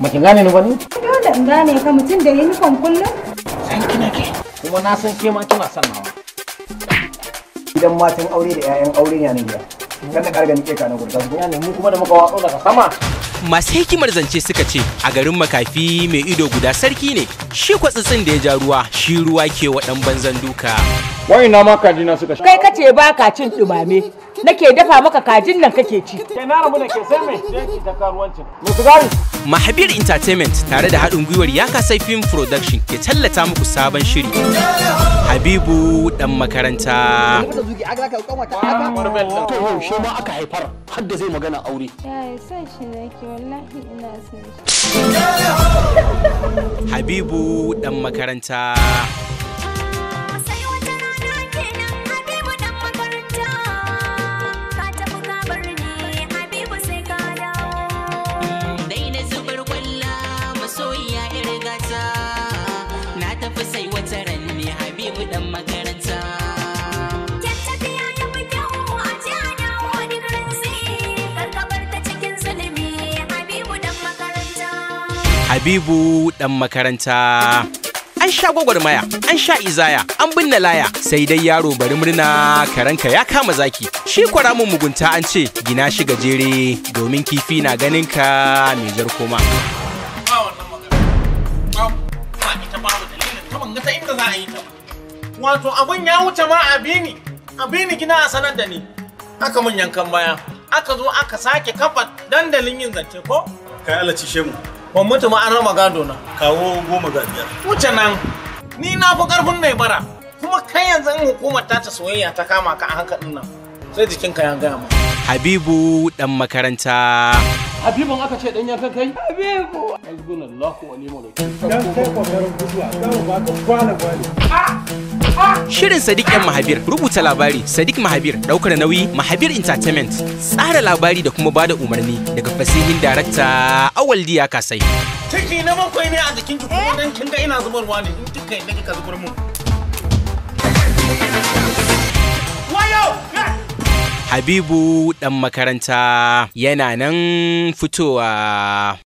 ba ki gane ni ba ne? Dole in gane ka mutum da uniform kullum. San kina ke. Kuma na san ke ma kina son nawa. idan matan aure da 'ya'yan aure ne a nan gida. Kan na ƙarga nike ka na gurga su. ne mu kuma da muka watsu daga sama. Masu hikimar zance suka ce a garin makafi mai ido guda sarki ne shi kwatsitsin da ya ja ruwa shi ruwa ke wa ɗan banzan duka. Wai na ma suka sha. Kai kace ba ka cin ɗumame. nake dafa maka kajin nan kake ci. Mahabir Entertainment tare da haɗin gwiwar Yaka Sai Film Production ke tallata muku sabon shiri. Habibu dan makaranta. Habibu dan makaranta. Habibu ɗan makaranta. An sha gwagwarmaya, an sha izaya, an binne laya, sai dai yaro bari murna karanka ya kama zaki. Shi mun mugunta an ce gina shi gajere domin kifi na ganin ka mai jar koma. Wato abin ya wuce ma abini, abini gina a sanar da ni. Aka mun yankan baya, aka zo aka sake kafa dandalin yin zance ko? Kai Allah ci shemu. ban mutu ma an raba gado na kawo goma ga biyar wuce nan ni na fi karfin mai bara kuma kai yanzu in hukumar ta ta soyayya ta kama ka a hankalin nan sai jikinka ya gaya ma habibu dan makaranta habibun aka ce dan ya kai kai habibu hasbunallahu wa ni wakil dan kai kokarin gudu a kan ba ka kwana kwana ah! Shirin Sadiq yan Mahabir, rubuta labari Sadiq Mahabir, ɗaukar nauyi Mahabir Entertainment, tsara labari da kuma bada umarni daga fasihin darakta Awal Diya Kasai. Ciki na bakwai ne a jikin ki kuma dan kin ina zubarwa ne in kika yadda kika zubar mu. Habibu ɗan makaranta yana nan fitowa